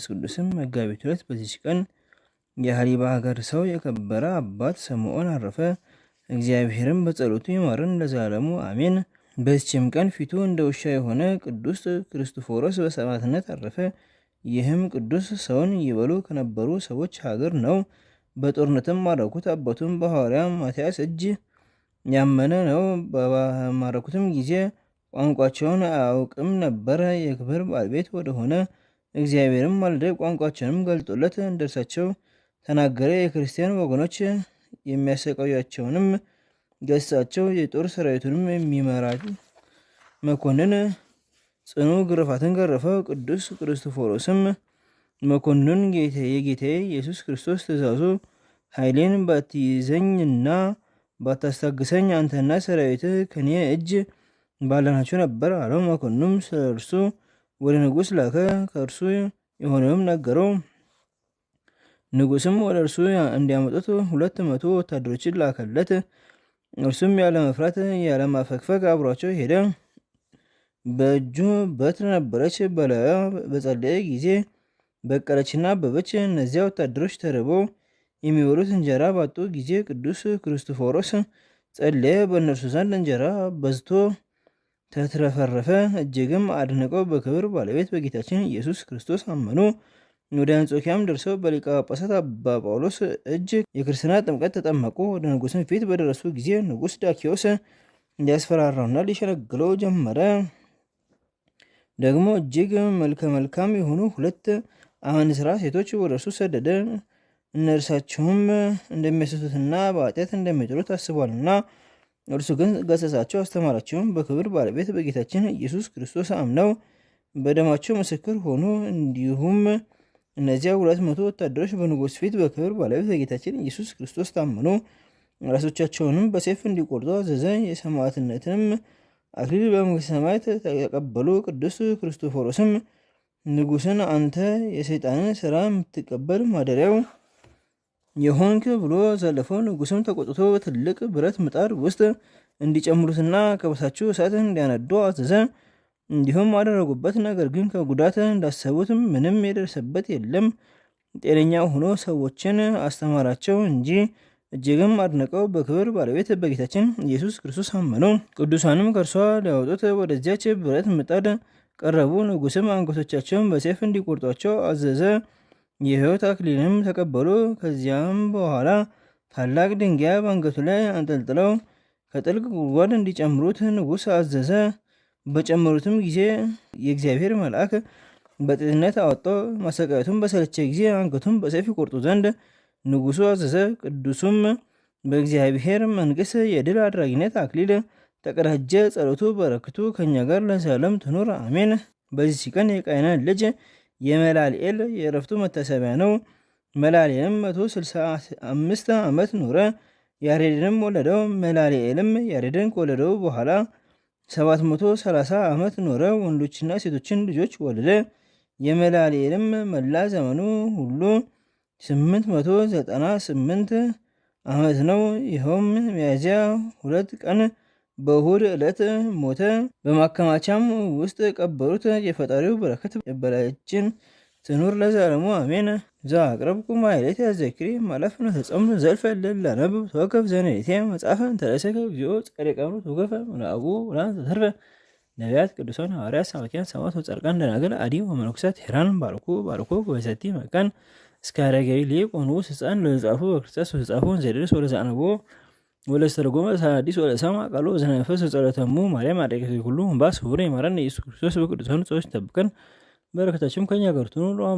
መንፈስ ቅዱስም መጋቢት ሁለት በዚች ቀን የሀሊባ ሀገር ሰው የከበረ አባት ስምዖን አረፈ። እግዚአብሔርም በጸሎቱ ይማርን ለዘላለሙ አሜን። በዚችም ቀን ፊቱ እንደ ውሻ የሆነ ቅዱስ ክርስቶፎሮስ በሰማዕትነት አረፈ። ይህም ቅዱስ ሰውን ይበሉ ከነበሩ ሰዎች ሀገር ነው። በጦርነትም ማረኩት። አባቱም በሐዋርያ ማትያስ እጅ ያመነ ነው። በማረኩትም ጊዜ ቋንቋቸውን አያውቅም ነበረ። የክብር ባለቤት ወደሆነ እግዚአብሔርም ማለደ ቋንቋቸውንም ገልጦለት እንደርሳቸው ተናገረ። የክርስቲያን ወገኖች የሚያሰቃያቸውንም ገሳቸው። የጦር ሰራዊቱንም የሚመራ መኮንን ጽኑ ግርፋትን ገረፈ። ቅዱስ ክርስቶፎሮስም መኮንን የጌታ ኢየሱስ ክርስቶስ ትእዛዙ ኃይሌን ባትይዘኝና ባታስታግሰኝ አንተና ሰራዊት ከኔ እጅ ባለናቸው ነበር አለው። መኮንኑም ስለ እርሱ ወደ ንጉስ ላከ። ከእርሱ የሆነውም ነገረው። ንጉስም ወደ እርሱ እንዲያመጡት ሁለት መቶ ወታደሮችን ላከለት። እርሱም ያለ መፍራት ያለ ማፈግፈግ አብሯቸው ሄደ። በእጁ በትር ነበረች። በላዩ በጸለየ ጊዜ በቀለችና አበበች። እነዚያ ወታደሮች ተርበው የሚበሉት እንጀራ ባጡ ጊዜ ቅዱስ ክርስቶፎሮስ ጸለየ። በእነርሱ ዘንድ እንጀራ በዝቶ ተትረፈረፈ። እጅግም አድንቀው በክብር ባለቤት በጌታችን ኢየሱስ ክርስቶስ አመኑ። ወደ አንጾኪያም ደርሰው በሊቀ ጳጳሳት አባ ጳውሎስ እጅ የክርስትና ጥምቀት ተጠመቁ። ወደ ንጉሥም ፊት በደረሱ ጊዜ ንጉሥ ዳኪዎስ ሊያስፈራራውና ሊሸነግለው ጀመረ። ደግሞ እጅግ መልከ መልካም የሆኑ ሁለት አመንዝራ ሴቶች ወደ እርሱ ሰደደ። እነርሳቸውም እንደሚያስቱትና በኃጢአት እንደሚጥሉት አስቧልና እርሱ ግን ገሰሳቸው አስተማራቸውም። በክብር ባለቤት በጌታችን ኢየሱስ ክርስቶስ አምነው በደማቸው ምስክር ሆኑ። እንዲሁም እነዚያ ሁለት መቶ ወታደሮች በንጉሥ ፊት በክብር ባለቤት በጌታችን ኢየሱስ ክርስቶስ ታመኑ። ራሶቻቸውንም በሴፍ እንዲቆርጡ አዘዘ። የሰማዕትነትንም አክሊል በመንግሥተ ሰማያት ተቀበሉ። ቅዱስ ክርስቶፎሮስም ንጉሥን አንተ የሰይጣንን ስራ የምትቀበል ማደሪያው የሆንክ ብሎ ዘለፈው። ንጉስም ተቆጥቶ ትልቅ ብረት ምጣድ ውስጥ እንዲጨምሩትና ከበታችሁ እሳት እንዲያነዱ አዘዘ። እንዲሁም አደረጉበት። ነገር ግን ከጉዳት እንዳሰቡት ምንም የደረሰበት የለም። ጤነኛ ሆኖ ሰዎችን አስተማራቸው እንጂ እጅግም አድነቀው በክብር ባለቤት በጌታችን ኢየሱስ ክርስቶስ አመኑ። ቅዱሳንም ከእርሷ ሊያወጡት ወደዚያች ብረት ምጣድ ቀረቡ። ንጉስም አንገቶቻቸውን በሴፍ እንዲቆርጧቸው አዘዘ። የሕይወት አክሊልም ተቀበሉ። ከዚያም በኋላ ታላቅ ድንጋይ በአንገቱ ላይ አንጠልጥለው ከጥልቅ ጉድጓድ እንዲጨምሩት ንጉሥ አዘዘ። በጨመሩትም ጊዜ የእግዚአብሔር መልአክ በጤትነት አወጦ። ማሰቃየቱን በሰለቸ ጊዜ አንገቱን በሰይፍ ቆርጡ ዘንድ ንጉሱ አዘዘ። ቅዱሱም በእግዚአብሔር መንግሥት የድል አድራጊነት አክሊል ተቀዳጀ። ጸሎቱ በረክቱ ከእኛ ጋር ለዘላለም ትኑር አሜን። በዚህ ቀን የቃይናን ልጅ የመላልኤል የእረፍቱ መታሰቢያ ነው። መላልኤልም 165 ዓመት ኖረ፣ ያሬድንም ወለደው። መላልኤልም ያሬድን ከወለደው በኋላ 730 ዓመት ኖረ፣ ወንዶችና ሴቶችን ልጆች ወለደ። የመላልኤልም መላ ዘመኑ ሁሉ 898 ዓመት ነው። ይኸውም ሚያዝያ ሁለት ቀን በእሁድ ዕለት ሞተ። በማከማቻም ውስጥ ቀበሩት። የፈጣሪው በረከት የበላያችን ትኑር ለዘለሙ አሜን። ዛ አቅረብ ቁማ ሌት ያዘክሪ ማለፍ ማለፍነ ተጾም ዘልፈ ለላ ነብ ተወከፍ ዘንዴቴ መጽሐፈ እንተርእሰከ እግዚኦ ጻድቃኑ ተወከፈ ምልአጉ ብርሃን ተተርፈ ነቢያት፣ ቅዱሳን፣ ሐዋርያት፣ ሳመኪያን፣ ሰማዕታት፣ ወጻድቃን፣ ደናግል፣ አዲ ወመነኮሳት ሄራን ባርኩ ባርኩ ወሰቲ መካን እስከ አረጋዊ ሊቅ ወንጉስ ሕፃን ለዘጻፉ በክርስቶስ ወዘጻፉ ዘደርስ ወለዘአነቦ ወለስተርጎመ ሳዲስ ወለሰማ ቃሎ ዘነፈስ ጸሎተሙ ማርያም አደቀ ሁሉ ባስ ሆነ ይማረን ኢየሱስ ክርስቶስ በቅዱሳኑ ጸሎት ይጠብቀን። በረከታችሁም ከእኛ ጋር ትኑር።